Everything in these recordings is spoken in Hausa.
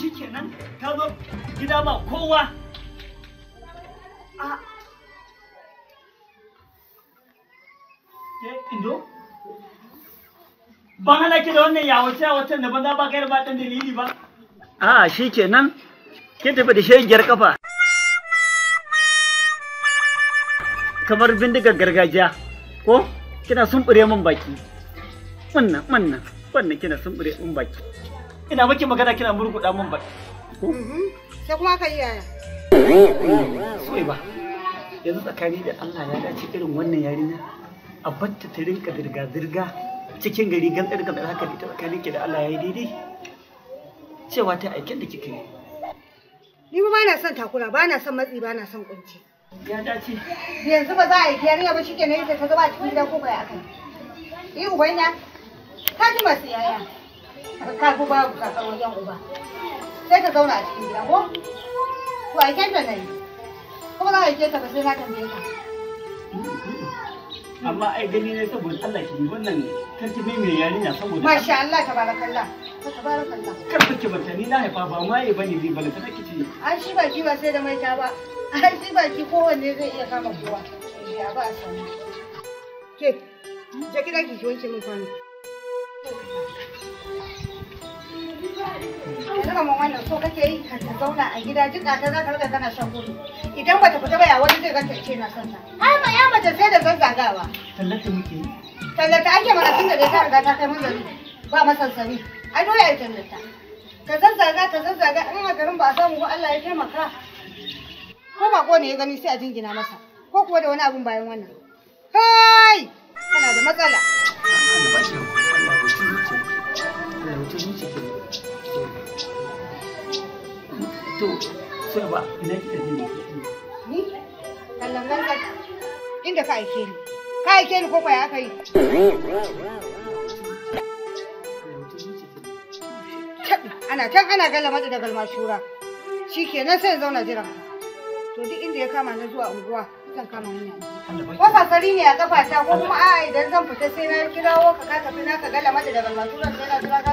shi kenan ta zo gida ba kowa a ah. indo ban hana ki da wannan yawace a yawacen da ban za ba kai ba dan dalili ba a ah, shi kenan ke tafi da shegiyar kafa kamar bindigar gargajiya ko kina sumbure mun baki wannan wannan wannan kina sumbure mun baki ina maki magana kina murguɗa min ba. Mm-hmm. sai kuma ka yaya sai ba yanzu tsakani da Allah ya dace irin wannan yarinya a batta ta rinka dirga dirga cikin gari gan tsirkan da haka ta tsakanin ki da Allah yayi daidai cewa ta aikin da kike yi ni ba na son takura ba na son matsi ba na son kunci ya dace yanzu ba za a yi yarinya ba shike ne ta zuba cikin gidan ko bai ya kai yi ubanya ta ji masu yaya ka fi babu kasar wajen uba sai ka zauna a cikin gida ko to a ke ta nayi kuma za a ke ta ba sai na tambaye ka amma ai gani ne saboda Allah ki wannan tantume mai yarinya saboda masha Allah tabarakallah tabarakallah kar ki bata ni na haifa ba ma yi bane zai balanta take ce ai shi ba shi ba sai da maita ba ai shi ba shi kowanne zai iya kama kowa eh, ya ba a samu ke je gida ki wanke min kwano kamar wannan so kake yi ka ta zauna a gida duk a ta za ka rika tana shan gudu idan bata fita ba ya wani zai ganta ce na son ta ai ma ya mace sai da zazzagawa tallata muke yi tallata ake mana tun da dai ta riga ta kai manzari ba masansani ai dole ai tallata ka zazzaga ka zazzaga in a garin ba a samu ko Allah ya taimaka ko ba ne ya gani sai a jingina masa ko kuwa da wani abun bayan wannan kai kana da matsala Allah ba shi Allah ba shi Allah ba shi to sai ba ina ne ni inda ka aike ni ka aike ni ko kwaya aka yi ana can ana galama da galma shura shi kenan sai zauna jiran to duk inda ya kama na zuwa unguwa kama ko fasari ne a kafata ko kuma a'a idan zan fita sai na kirawo ka ka tafi na ka galama da galma shura sai na jira ka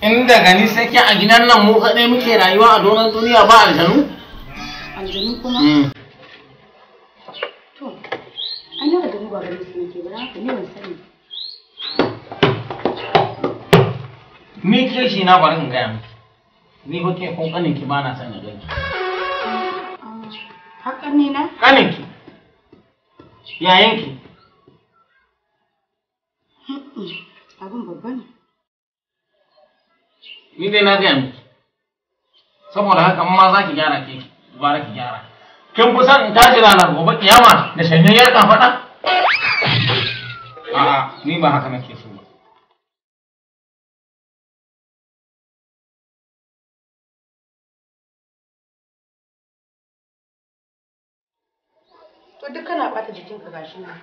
inda gani sai ke a gidan nan mu kaɗai muke rayuwa a donar duniya ba aljanu? aljanu kuma? Hmm. to an yi da ba gani su nake ba haka ne ban sani ni ke shi na bari in gaya miki ni ba ke kun kanin ki ba na sani a gani ah, hakan ne na? kanin ki yayin ki ni dai na gaya miki saboda haka amma za ki gyara ke bara ki gyara kin fi son in tashi ranar gobe kiyama da yar kan faɗa a'a ni ba haka nake so ba to duk kana bata jikinka gashi na